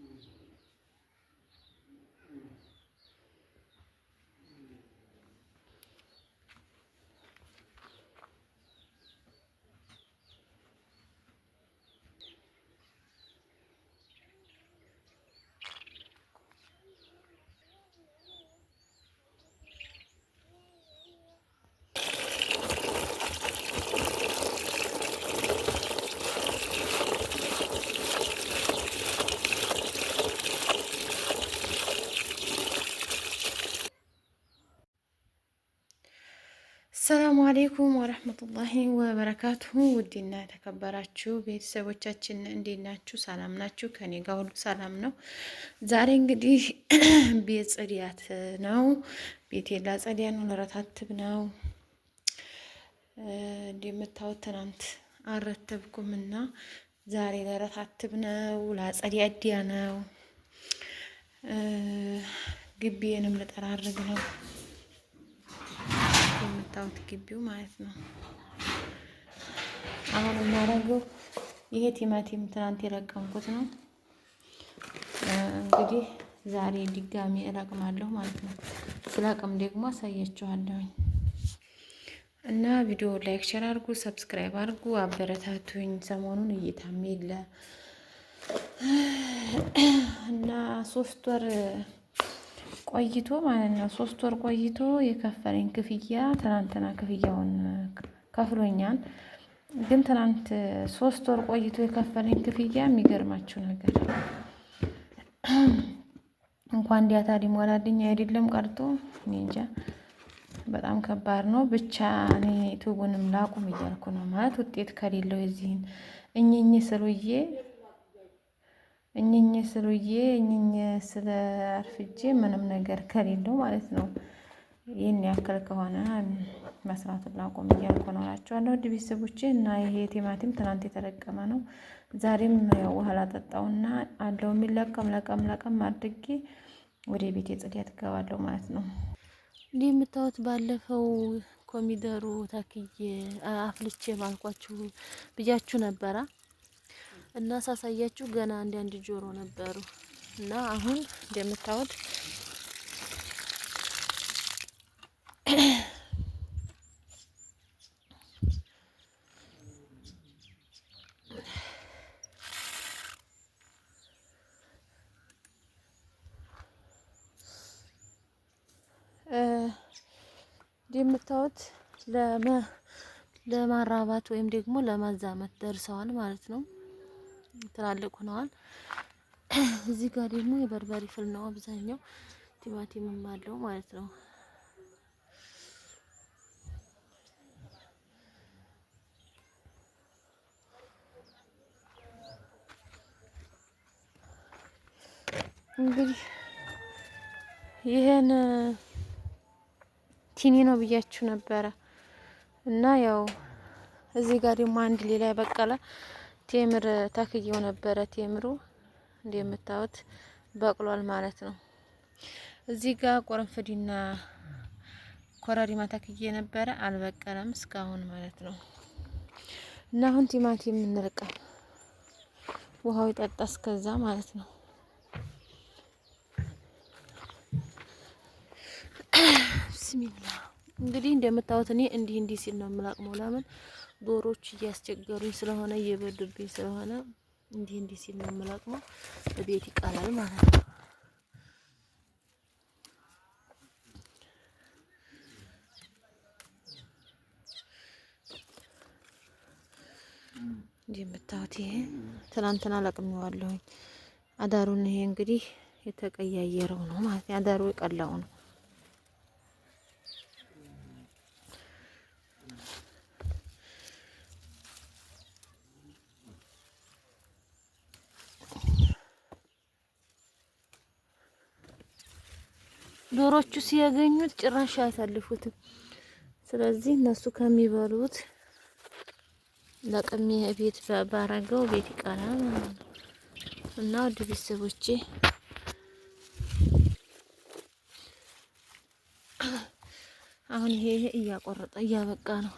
Mm-hmm. አሌይኩም ወረህመቱላሂ ወበረካቱሁ ውድና የተከበራችሁ ቤተሰቦቻችን እንዴት ናችሁ? ሰላም ናችሁ? ከኔ ጋር ሁሉ ሰላም ነው። ዛሬ እንግዲህ ቤት ጽዳት ነው። ቤቴ ላጸዳ ነው፣ ልረታትብ ነው። እንደምታዩት ትናንት አልረተብኩም እና ዛሬ ለረታትብ ነው፣ ላጸዳ አዲያ ነው። ግቢዬንም ልጠራርግ ነው የምታዩት ግቢው ማለት ነው። አሁን የማደርገው ይሄ ቲማቲም ትናንት የለቀምኩት ነው። እንግዲህ ዛሬ ድጋሚ እለቅማለሁ ማለት ነው። ስለቅም ደግሞ አሳያችኋለሁኝ። እና ቪዲዮ ላይክ፣ ሼር አድርጉ፣ ሰብስክራይብ አድርጉ፣ አበረታቱኝ። ሰሞኑን እይታም የለ እና ሶፍትወር ቆይቶ ማለት ነው ሶስት ወር ቆይቶ የከፈለኝ ክፍያ ትናንትና ክፍያውን ከፍሎኛል። ግን ትናንት ሶስት ወር ቆይቶ የከፈለኝ ክፍያ የሚገርማችሁ ነገር እንኳን ዲያታ ሊሞላልኝ አይደለም ቀርቶ እኔ እንጃ በጣም ከባድ ነው። ብቻ እኔ ዩቱቡንም ላቁም እያልኩ ነው ማለት ውጤት ከሌለው የዚህን እኝኝ ስሉዬ እኝኝ ስሉዬ እኝኝ ስለ አርፍጄ ምንም ነገር ከሌለው ማለት ነው። ይህን ያክል ከሆነ መስራቱን ላቆም እያልኩ ነው ውድ ቤተሰቦቼ እና ይሄ ቲማቲም ትናንት የተለቀመ ነው። ዛሬም ያው ውሃ ላጠጣውና አለው የሚለቀም ለቀም ለቀም አድርጌ ወደ ቤት የጽዳት እገባለሁ ማለት ነው። እንዲህ የምታዩት ባለፈው ኮሚደሩ ታክዬ አፍልቼ ማልኳችሁ ብያችሁ ነበራ እና ሳሳያችሁ ገና አንዳንድ ጆሮ ነበሩ እና አሁን እንደምታዩት እንደምታዩት ለማራባት ወይም ደግሞ ለማዛመት ደርሰዋል ማለት ነው። ትላልቅ ሆነዋል። እዚህ ጋር ደግሞ የበርበሬ ፍል ነው አብዛኛው ቲማቲም አለው ማለት ነው። እንግዲህ ይሄን ቲኒ ነው ብያችሁ ነበረ እና ያው እዚህ ጋር ደግሞ አንድ ሌላ የበቀለ ቴምር ተክዬው ነበረ። ቴምሩ እንደምታዩት በቅሏል ማለት ነው። እዚህ ጋር ቆረንፍዲና ኮረሪማ ተክዬ ነበረ፣ አልበቀለም እስካሁን ማለት ነው። እና አሁን ቲማቲም እንልቃል፣ ውሃው ይጠጣ እስከዛ ማለት ነው። ብስሚላ እንግዲህ እንደምታዩት እኔ እንዲህ እንዲህ ሲል ነው የምላቅመው ለምን ዶሮች እያስቸገሩኝ ስለሆነ እየበዱብኝ ስለሆነ እንዲህ እንዲህ ሲል ነው የምላቅመው። ቤት ይቃላል ማለት ነው። እንደምታዩት ይሄ ትናንትና ለቅሜዋለሁኝ። አዳሩን ይሄ እንግዲህ የተቀያየረው ነው ማለት ነው። አዳሩ የቀላው ነው። ዶሮቹ ሲያገኙት ጭራሽ አያሳልፉትም። ስለዚህ እነሱ ከሚበሉት ለቅሜ ቤት ባረገው ቤት ይቀራል እና ውድ ቤተሰቦቼ አሁን ይሄ እያቆረጠ እያበቃ ነው።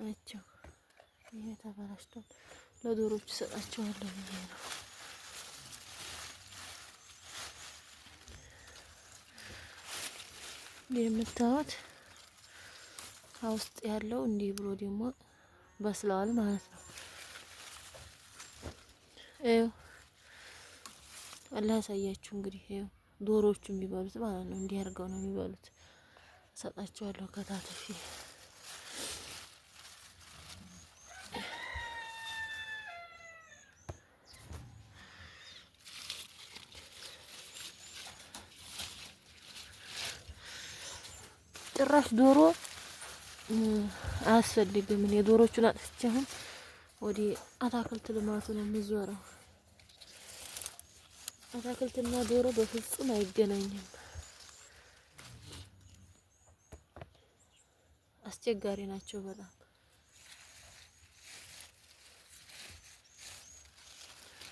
ናቸው ይሄ ተበላሽቷል። ለዶሮቹ እሰጣቸዋለሁ ብዬ ነው። የምታዩት ውስጥ ያለው እንዲህ ብሎ ደግሞ በስለዋል ማለት ነው። ይኸው አላህ ያሳያችሁ እንግዲህ ይኸው ዶሮዎቹ የሚበሉት ማለት ነው። እንዲህ አድርገው ነው የሚበሉት። እሰጣቸዋለሁ ከታተፊ ጭራሽ ዶሮ አያስፈልግም። እኔ ዶሮቹን አጥፍቼ አሁን ወደ አታክልት ልማቱ ነው የሚዞረው። አታክልትና ዶሮ በፍጹም አይገናኝም። አስቸጋሪ ናቸው በጣም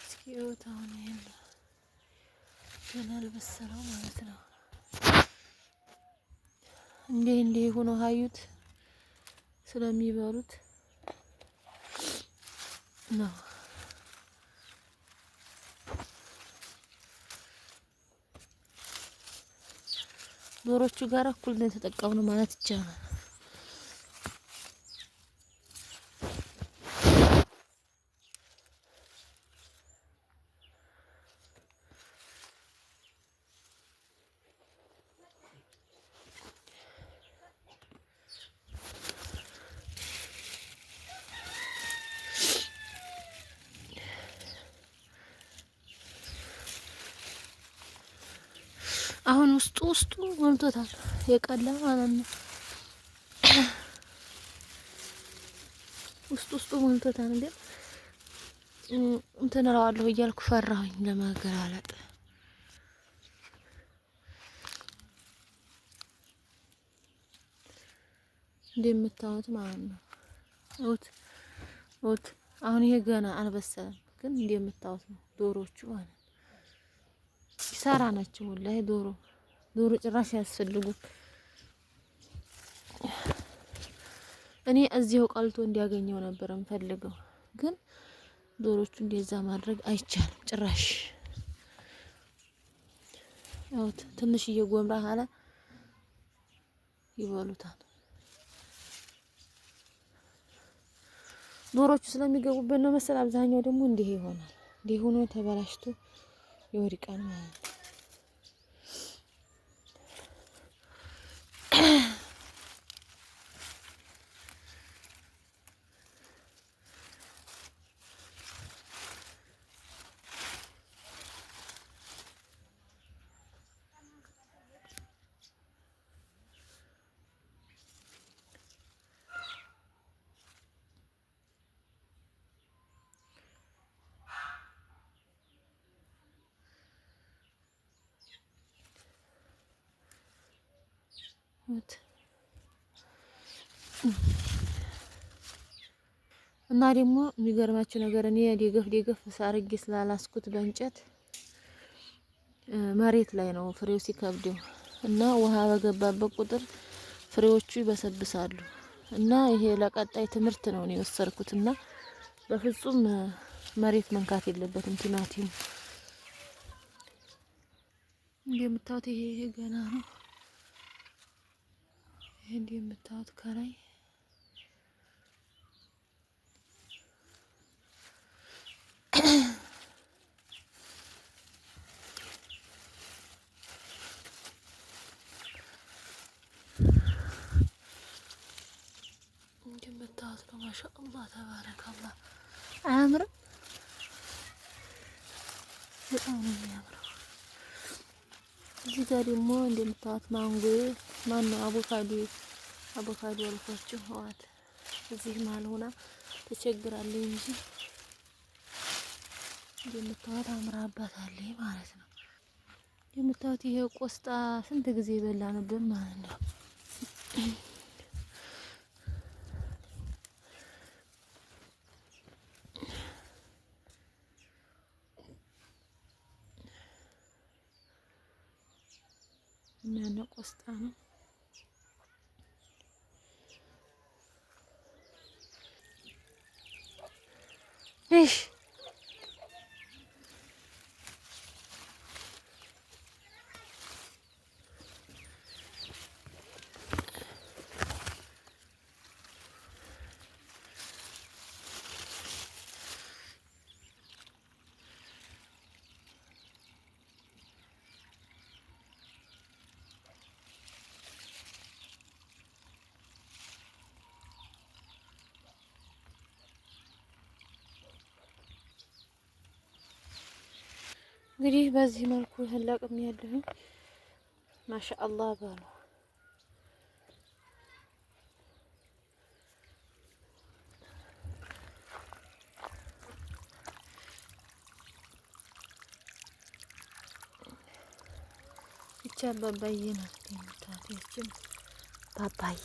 እስኪ እዩት። አሁን ይሄን ገና አልበሰለው ማለት ነው። እንዲህ እንዲህ ሆኖ ሀዩት ስለሚበሉት ነው። ዶሮቹ ጋር እኩል ነው የተጠቀምነው ማለት ይቻላል። አሁን ውስጡ ውስጡ ሞልቶታል። የቀላ ማለት ነው። ውስጡ ውስጡ ሞልቶታል። ግን እንትን እለዋለሁ እያልኩ ፈራሁኝ ለመገላለጥ። እንደምታዩት ማለት ነው። ኦት ኦት አሁን ይሄ ገና አልበሰለም፣ ግን እንደምታዩት ነው ዶሮቹ ማለት ነው። ኪሳራ ናቸው። ወላሂ ዶሮ ዶሮ ጭራሽ አያስፈልጉም። እኔ እዚያው ቀልቶ እንዲያገኘው ነበር እንፈልገው፣ ግን ዶሮቹ እንደዛ ማድረግ አይቻልም ጭራሽ። ያው ትንሽ እየጎምራ ካለ ይበሉታል። ዶሮቹ ስለሚገቡበት ነው መሰል አብዛኛው ደግሞ እንዲህ ይሆናል። እንዲህ ሆኖ ተበላሽቶ የወርቅን እና ደግሞ የሚገርማችሁ ነገር እኔ ደገፍ ደገፍ ሳርጌ ስላላስኩት በእንጨት መሬት ላይ ነው ፍሬው ሲከብደው እና ውሃ በገባበት ቁጥር ፍሬዎቹ ይበሰብሳሉ። እና ይሄ ለቀጣይ ትምህርት ነው ነው የወሰድኩት። እና በፍጹም መሬት መንካት የለበትም ቲማቲም። እንደምታዩት ይሄ ገና ነው። ይሄ የምታዩት ከላይ እንደምታዩት ነው። ማሻ ማሻአላህ ተባረካላህ። አያምርም? በጣም ነው የሚያምረው። እዚህ ጋር ደግሞ እንደምታዩት ማንጎ ማን ነው አቮካዶ አቮካዶ አልኳችሁ ህዋት እዚህ መሀል ሆና ተቸግራለች እንጂ የምታወት አምራባታለች ማለት ነው። የምታወት ይሄ ቆስጣ ስንት ጊዜ የበላንብን ማለት ነው። እና ቆስጣ ነው is እንግዲህ በዚህ መልኩ ይህን ለቅም ያለሁኝ ማሻአላህ በሉ። ብቻ ባባዬ ናት የምታቴችን ባባዬ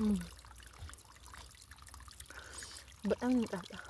Mm. Ba't ang tata?